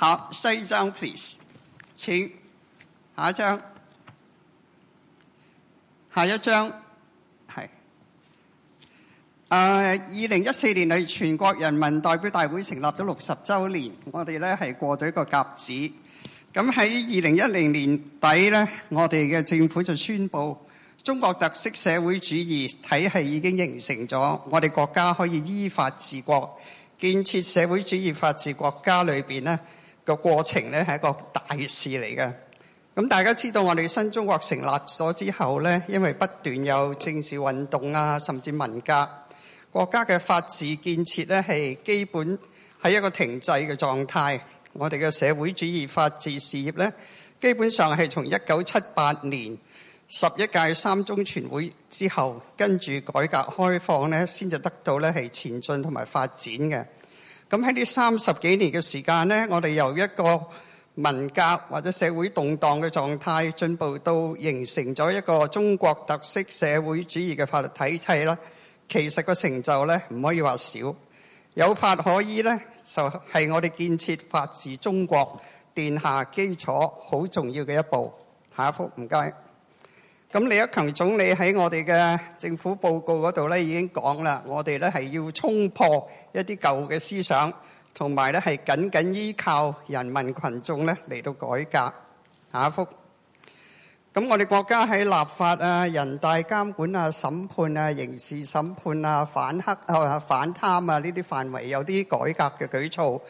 好，下一張 please 請。請下一張，下一張係誒。二零一四年係全國人民代表大會成立咗六十週年，我哋咧係過咗一個甲子。咁喺二零一零年底咧，我哋嘅政府就宣佈中國特色社會主義體系已經形成咗，我哋國家可以依法治國，建設社會主義法治國家裏面咧。個過程咧係一個大事嚟嘅，咁大家知道我哋新中國成立咗之後咧，因為不斷有政治運動啊，甚至文革國家嘅法治建設咧係基本喺一個停滯嘅狀態。我哋嘅社會主義法治事業咧，基本上係從一九七八年十一屆三中全會之後，跟住改革開放咧，先至得到咧係前進同埋發展嘅。咁喺呢三十幾年嘅時間呢，我哋由一個文革或者社會動盪嘅狀態，進步到形成咗一個中國特色社會主義嘅法律體系啦。其實個成就咧唔可以話少，有法可依咧就係我哋建設法治中國奠下基礎好重要嘅一步。下一幅唔該。謝謝。咁李克強總理喺我哋嘅政府報告嗰度咧，已經講啦，我哋咧係要衝破一啲舊嘅思想，同埋咧係緊緊依靠人民羣眾咧嚟到改革下一幅。咁我哋國家喺立法啊、人大監管啊、審判啊、刑事審判啊、反黑啊、反貪啊呢啲範圍有啲改革嘅舉措，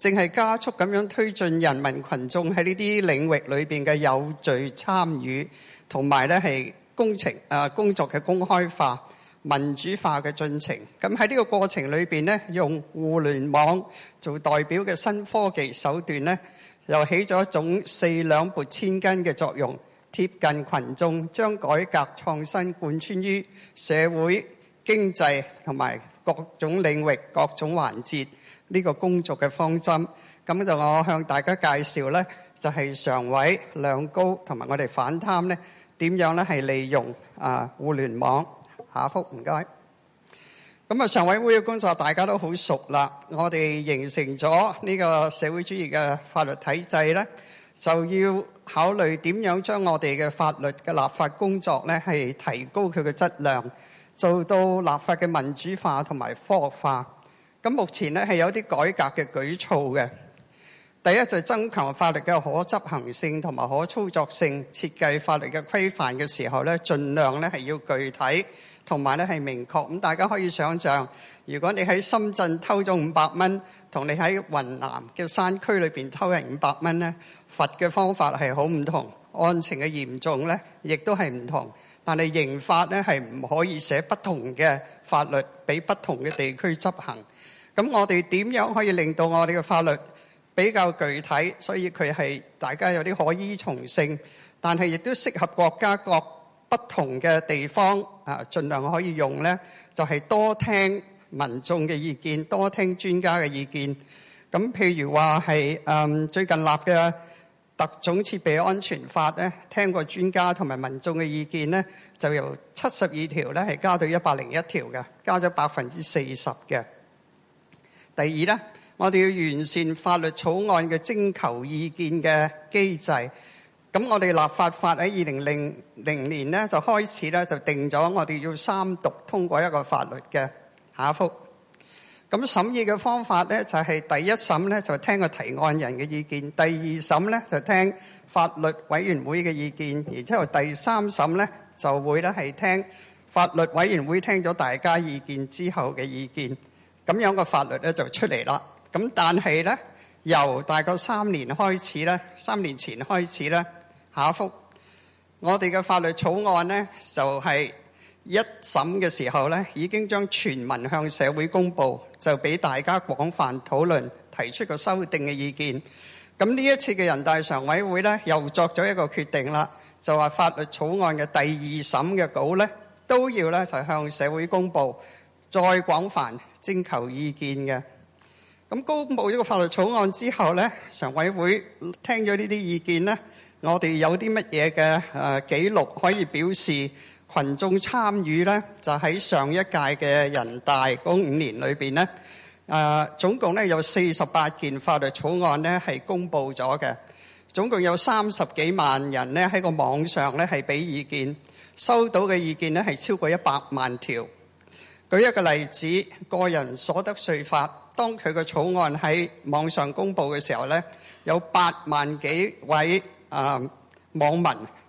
正係加速咁樣推進人民羣眾喺呢啲領域裏邊嘅有序參與。同埋咧係工程啊工作嘅公開化、民主化嘅進程。咁喺呢個過程裏邊，咧，用互聯網做代表嘅新科技手段咧，又起咗一種四兩撥千斤嘅作用，貼近群眾，將改革創新貫穿於社會經濟同埋各種領域、各種環節呢、這個工作嘅方針。咁就我向大家介紹咧，就係、是、常委兩高同埋我哋反貪咧。點樣咧係利用啊互聯網？下一幅唔該。咁啊，常委會嘅工作大家都好熟啦。我哋形成咗呢個社會主義嘅法律體制咧，就要考慮點樣將我哋嘅法律嘅立法工作咧係提高佢嘅質量，做到立法嘅民主化同埋科學化。咁目前咧係有啲改革嘅舉措嘅。第一就係增強法律嘅可執行性同埋可操作性，設計法律嘅規範嘅時候咧，儘量咧係要具體，同埋咧係明確。咁大家可以想像，如果你喺深圳偷咗五百蚊，同你喺雲南嘅山區裏邊偷人五百蚊咧，罰嘅方法係好唔同，案情嘅嚴重咧亦都係唔同。但係刑法咧係唔可以寫不同嘅法律俾不同嘅地區執行。咁我哋點樣可以令到我哋嘅法律，比較具體，所以佢係大家有啲可依從性，但係亦都適合國家各不同嘅地方啊，儘量可以用呢，就係多聽民眾嘅意見，多聽專家嘅意見。咁譬如話係誒最近立嘅《特種設備安全法》咧，聽過專家同埋民眾嘅意見咧，就由七十二條咧係加到一百零一條嘅，加咗百分之四十嘅。第二呢。我哋要完善法律草案嘅徵求意見嘅機制。咁我哋立法法喺二零零零年咧就開始咧就定咗我哋要三讀通過一個法律嘅下一幅。咁審議嘅方法咧就係第一審咧就聽個提案人嘅意見，第二審咧就聽法律委員會嘅意見，然之後第三審咧就會咧係聽法律委員會聽咗大家意見之後嘅意見，咁樣個法律咧就出嚟啦。咁但係咧，由大概三年開始咧，三年前開始咧，下一幅我哋嘅法律草案咧，就係一審嘅時候咧，已經將全文向社會公佈，就俾大家廣泛討論，提出個修訂嘅意見。咁呢一次嘅人大常委會咧，又作咗一個決定啦，就話法律草案嘅第二審嘅稿咧，都要咧就向社會公佈，再廣泛徵求意見嘅。咁公布咗個法律草案之後咧，常委會聽咗呢啲意見咧，我哋有啲乜嘢嘅誒記錄可以表示群眾參與咧？就喺上一屆嘅人大嗰五年裏面咧，誒總共咧有四十八件法律草案咧係公布咗嘅，總共有三十幾萬人咧喺個網上咧係俾意見，收到嘅意見咧係超過一百萬條。舉一個例子，個人所得稅法。當佢個草案喺網上公佈嘅時候呢，有八萬幾位啊、呃、網民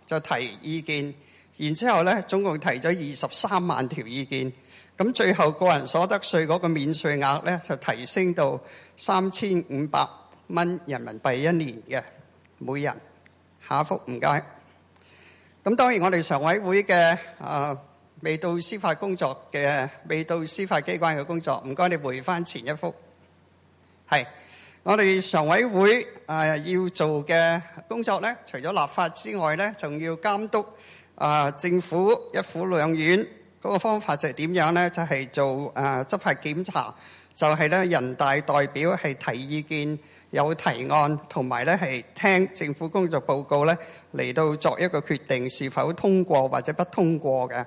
就提意見，然之後呢，總共提咗二十三萬條意見。咁最後個人所得稅嗰個免稅額呢，就提升到三千五百蚊人民幣一年嘅每人。下幅唔該。咁當然我哋常委會嘅啊。呃未到司法工作嘅，未到司法機關嘅工作。唔該，你回翻前一幅係我哋常委會啊要做嘅工作咧。除咗立法之外咧，仲要監督啊政府一府兩院嗰個方法就係點樣咧？就係做啊執法檢查，就係咧人大代表係提意見、有提案同埋咧係聽政府工作報告咧嚟到作一個決定，是否通過或者不通過嘅。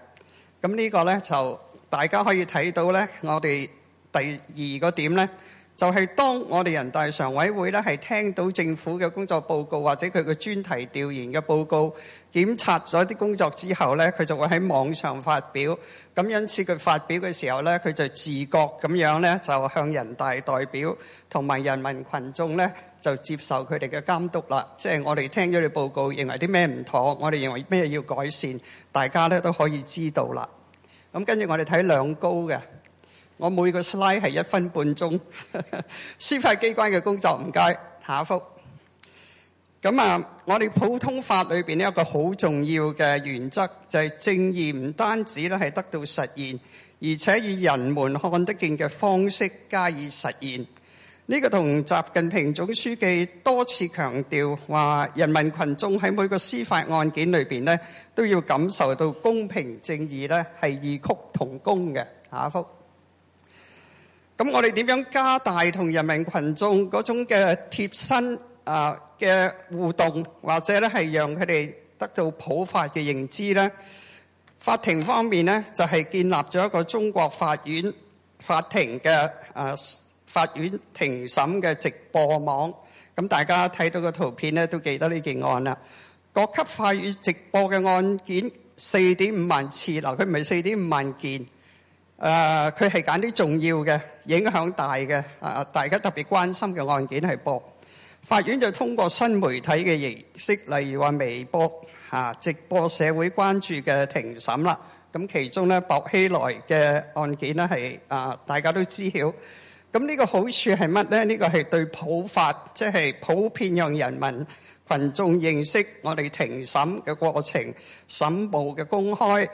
咁呢個呢，就大家可以睇到呢。我哋第二個點呢，就係當我哋人大常委會呢，係聽到政府嘅工作報告或者佢嘅專題調研嘅報告，檢查咗啲工作之後呢，佢就會喺網上發表。咁因此佢發表嘅時候呢，佢就自覺咁樣呢，就向人大代表同埋人民群眾呢。就接受佢哋嘅監督啦，即係我哋聽咗你報告，認為啲咩唔妥，我哋認為咩要改善，大家咧都可以知道啦。咁跟住我哋睇兩高嘅，我每個 slide 係一分半鐘。 司法機關嘅工作，唔該，下一幅。咁啊，我哋普通法裏邊咧一個好重要嘅原則就係正義唔單止咧係得到實現，而且以人們看得見嘅方式加以實現。呢個同習近平總書記多次強調話，人民羣眾喺每個司法案件裏邊咧，都要感受到公平正義咧，係異曲同工嘅。下一幅，咁我哋點樣加大同人民羣眾嗰種嘅貼身啊嘅互動，或者咧係讓佢哋得到普法嘅認知呢？法庭方面呢，就係建立咗一個中國法院法庭嘅啊，法院庭審嘅直播網，咁大家睇到嘅圖片咧，都記得呢件案啦。各級法院直播嘅案件四點五萬次，嗱，佢唔係四點五萬件，誒，佢係揀啲重要嘅、影響大嘅啊，大家特別關心嘅案件係播，法院就通過新媒體嘅形式，例如話微博嚇直播社會關注嘅庭審啦。咁其中咧，薄熙來嘅案件咧係啊，大家都知曉。咁呢個好處係乜呢？呢個係對普法，即係普遍讓人民群眾認識我哋庭審嘅過程、審判嘅公開、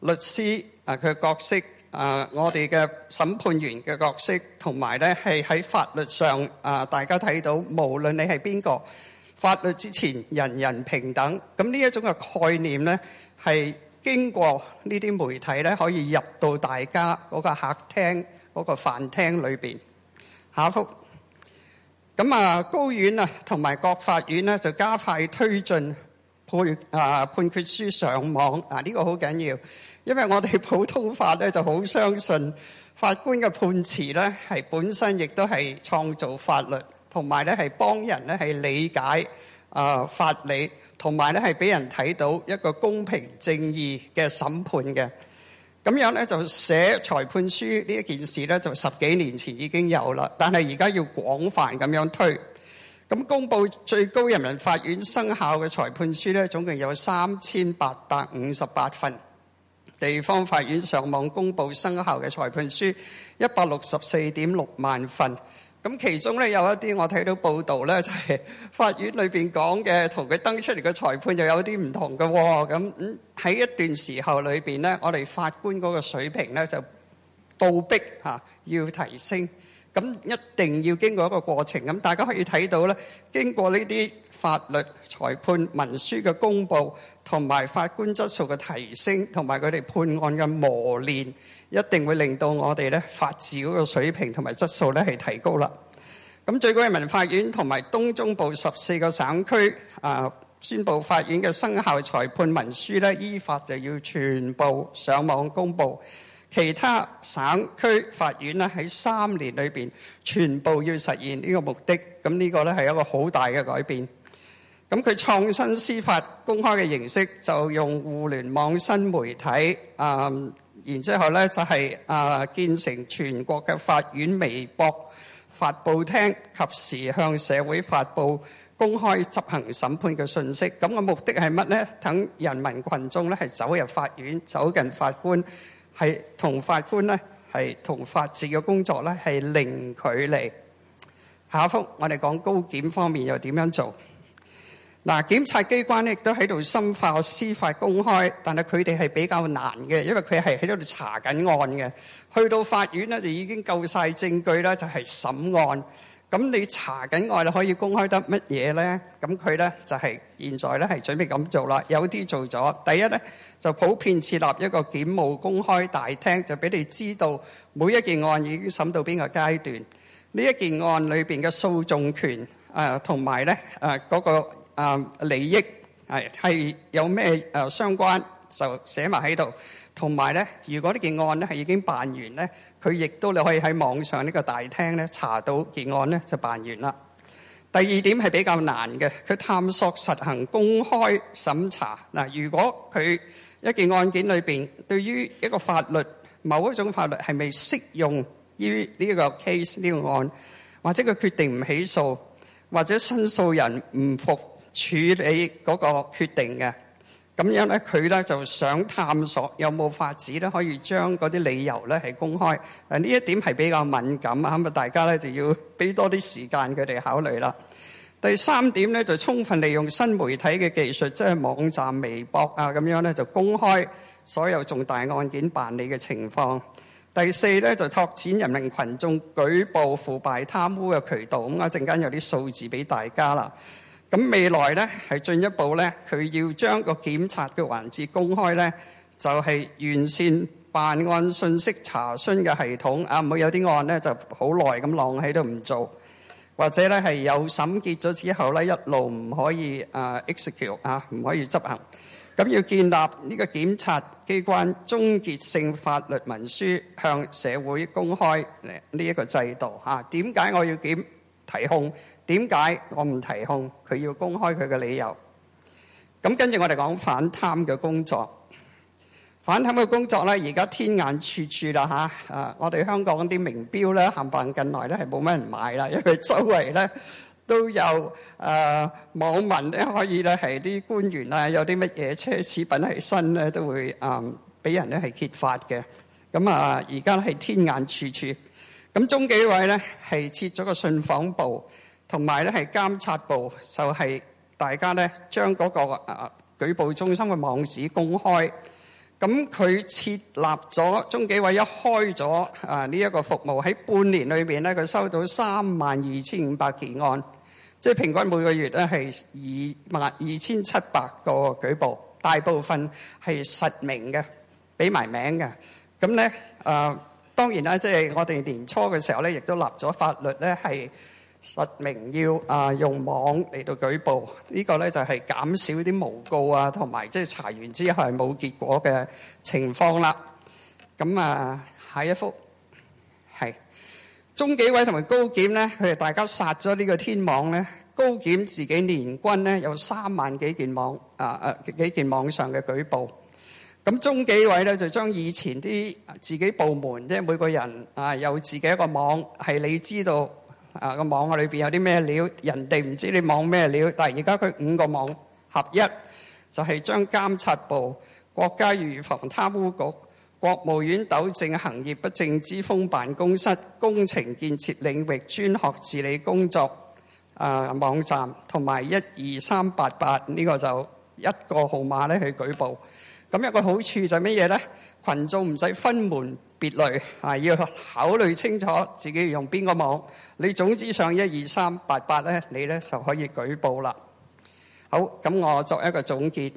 律師啊佢嘅角色啊，我哋嘅審判員嘅角色，同埋咧係喺法律上啊，大家睇到無論你係邊個，法律之前人人平等。咁呢一種嘅概念咧，係經過呢啲媒體咧，可以入到大家嗰個客廳。嗰個飯廳裏邊，下一幅咁啊，高院啊同埋各法院呢，就加快推進判啊判決書上網啊，呢個好緊要，因為我哋普通法咧就好相信法官嘅判詞呢，係本身亦都係創造法律，同埋呢係幫人呢係理解啊法理，同埋呢係俾人睇到一個公平正義嘅審判嘅。咁樣咧就寫裁判書呢一件事咧，就十幾年前已經有啦，但係而家要廣泛咁樣推。咁公佈最高人民法院生效嘅裁判書咧，總共有三千八百五十八份；地方法院上網公佈生效嘅裁判書一百六十四點六萬份。咁其中咧有一啲我睇到報道咧，就係法院裏邊講嘅，同佢登出嚟嘅裁判又有啲唔同嘅喎、哦。咁喺一段時候裏邊咧，我哋法官嗰個水平咧就倒逼吓要提升。咁一定要經過一個過程。咁大家可以睇到咧，經過呢啲法律裁判文書嘅公佈，同埋法官質素嘅提升，同埋佢哋判案嘅磨練。一定會令到我哋咧法治嗰個水平同埋質素咧係提高啦。咁最高人民法院同埋東中部十四個省區啊，宣布法院嘅生效裁判文書咧，依法就要全部上網公佈。其他省區法院咧喺三年裏面全部要實現呢個目的。咁呢個咧係一個好大嘅改變。咁佢創新司法公開嘅形式，就用互聯網新媒體啊。嗯然之後咧，就係啊，建成全國嘅法院微博發佈廳，及時向社會發布公開執行審判嘅信息。咁嘅目的係乜咧？等人民群眾咧，係走入法院，走近法官，係同法官咧，係同法治嘅工作咧，係零距離。下一幅我哋講高檢方面又點樣做？嗱，檢察機關咧亦都喺度深化司法公開，但係佢哋係比較難嘅，因為佢係喺度查緊案嘅。去到法院咧就已經夠晒證據啦，就係審案。咁你查緊案，你可以公開得乜嘢咧？咁佢咧就係現在咧係準備咁做啦。有啲做咗，第一咧就普遍設立一個檢務公開大廳，就俾你知道每一件案已經審到邊個階段。呢一件案裏邊嘅訴訟權啊，同埋咧啊嗰個，啊，利益係係有咩誒、啊、相關就寫埋喺度，同埋咧，如果呢件案咧係已經辦完咧，佢亦都你可以喺網上呢個大廳咧查到件案咧就辦完啦。第二點係比較難嘅，佢探索實行公開審查嗱、啊。如果佢一件案件裏邊對於一個法律某一種法律係咪適用於呢一個 case 呢個案，或者佢決定唔起訴，或者申訴人唔服。處理嗰個決定嘅，咁樣咧佢咧就想探索有冇法子咧可以將嗰啲理由咧係公開。誒呢一點係比較敏感啊，咁啊大家咧就要俾多啲時間佢哋考慮啦。第三點咧就充分利用新媒體嘅技術，即係網站、微博啊咁樣咧就公開所有重大案件辦理嘅情況。第四咧就拓展人民群眾舉報腐敗貪污嘅渠道。咁啊，陣間有啲數字俾大家啦。咁未來咧係進一步咧，佢要將個檢察嘅環節公開咧，就係、是、完善辦案信息查詢嘅系統啊！唔會有啲案咧就好耐咁晾喺度唔做，或者咧係有審結咗之後咧一路唔可以啊 execute 啊，唔可以執行。咁要建立呢個檢察機關終結性法律文書向社會公開呢一個制度啊，點解我要檢提控？點解我唔提控佢要公開佢嘅理由？咁跟住我哋講反貪嘅工作，反貪嘅工作咧，而家天眼處處啦吓，啊，我哋香港啲名錶咧，冚唪唥近來咧，係冇乜人買啦，因為佢周圍咧都有啊網民咧，可以咧係啲官員啊，有啲乜嘢奢侈品喺身咧，都會啊俾、嗯、人咧係揭發嘅。咁啊，而家係天眼處處。咁中紀委咧係設咗個信訪部。同埋咧，係監察部就係大家咧將嗰個啊舉報中心嘅網址公開。咁佢設立咗中紀委一開咗啊呢一個服務喺半年裏邊咧，佢收到三萬二千五百件案，即係平均每個月咧係二萬二千七百個舉報，大部分係實名嘅，俾埋名嘅。咁咧啊，當然啦，即係我哋年初嘅時候咧，亦都立咗法律咧係。實名要啊用網嚟到舉報，呢個咧就係減少啲誣告啊，同埋即係查完之後係冇結果嘅情況啦。咁啊，下一幅係中紀委同埋高檢呢，佢哋大家殺咗呢個天網咧。高檢自己年均咧有三萬幾件網啊啊幾件網上嘅舉報。咁中紀委咧，就將以前啲自己部門即係每個人啊有自己一個網係你知道。啊個網啊裏邊有啲咩料？人哋唔知你網咩料。但係而家佢五個網合一，就係將監察部、國家預防貪污局、國務院糾正行業不正之風辦公室工程建設領域專項治理工作啊網站，同埋一二三八八呢個就一個號碼咧去舉報。咁一個好處就係乜嘢咧？羣眾唔使分門別類，係，要考慮清楚自己要用邊個網。你總之上一二三八八咧，你咧就可以舉報啦。好，咁我作一個總結。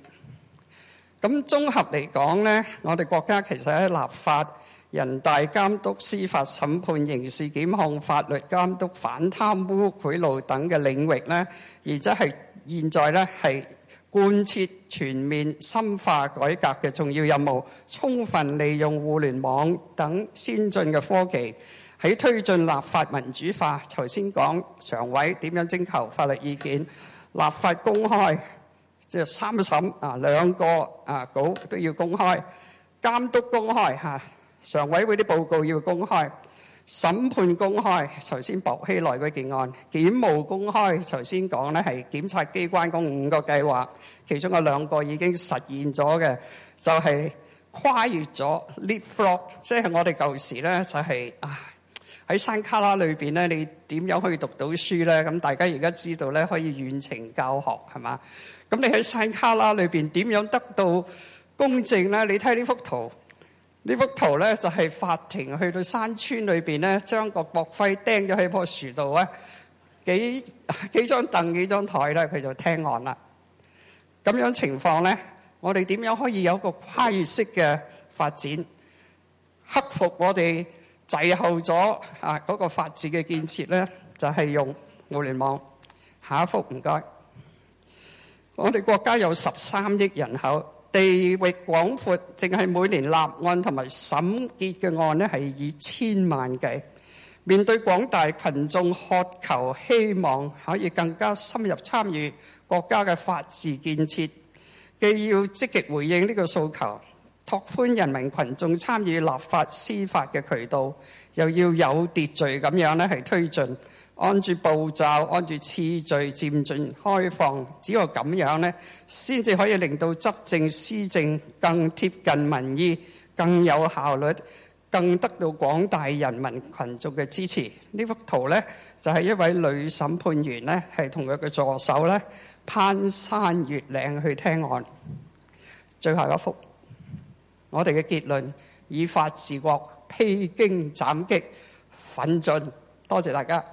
咁綜合嚟講咧，我哋國家其實喺立法、人大監督、司法審判、刑事檢控、法律監督、反貪污賄賂等嘅領域咧，而即係現在咧係。貫徹全面深化改革嘅重要任務，充分利用互聯網等先進嘅科技，喺推進立法民主化。頭先講常委點樣徵求法律意見，立法公開即係三審啊兩個啊稿都要公開，監督公開嚇，常委會啲報告要公開。審判公開，頭先薄熙來嗰件案；檢務公開，頭先講咧係檢察機關嗰五個計劃，其中有兩個已經實現咗嘅，就係、是、跨越咗 leapfrog 即係我哋舊時咧就係啊喺山卡拉裏邊咧，在面你點樣可以讀到書咧？咁大家而家知道咧可以遠程教學係嘛？咁你喺山卡拉裏邊點樣得到公正咧？你睇呢幅圖。呢幅圖咧就係法庭去到山村裏邊咧，將個國徽釘咗喺棵樹度咧，幾幾張凳幾張台咧，佢就聽案啦。咁樣情況咧，我哋點樣可以有個跨越式嘅發展，克服我哋滯後咗啊嗰個法治嘅建設咧，就係用互聯網。下一幅唔該，我哋國家有十三億人口。地域廣闊，淨係每年立案同埋審結嘅案咧，係以千萬計。面對廣大群眾渴求希望，可以更加深入參與國家嘅法治建設，既要積極回應呢個訴求，拓寬人民群眾參與立法司法嘅渠道，又要有秩序咁樣咧，係推進。按住步驟，按住次序，漸進開放。只有咁樣呢，先至可以令到執政施政更貼近民意，更有效率，更得到廣大人民群眾嘅支持。呢幅圖呢，就係、是、一位女審判員呢，係同佢嘅助手呢攀山越嶺去聽案。最後一幅，我哋嘅結論：以法治國，披荊斬棘，奮進。多謝大家。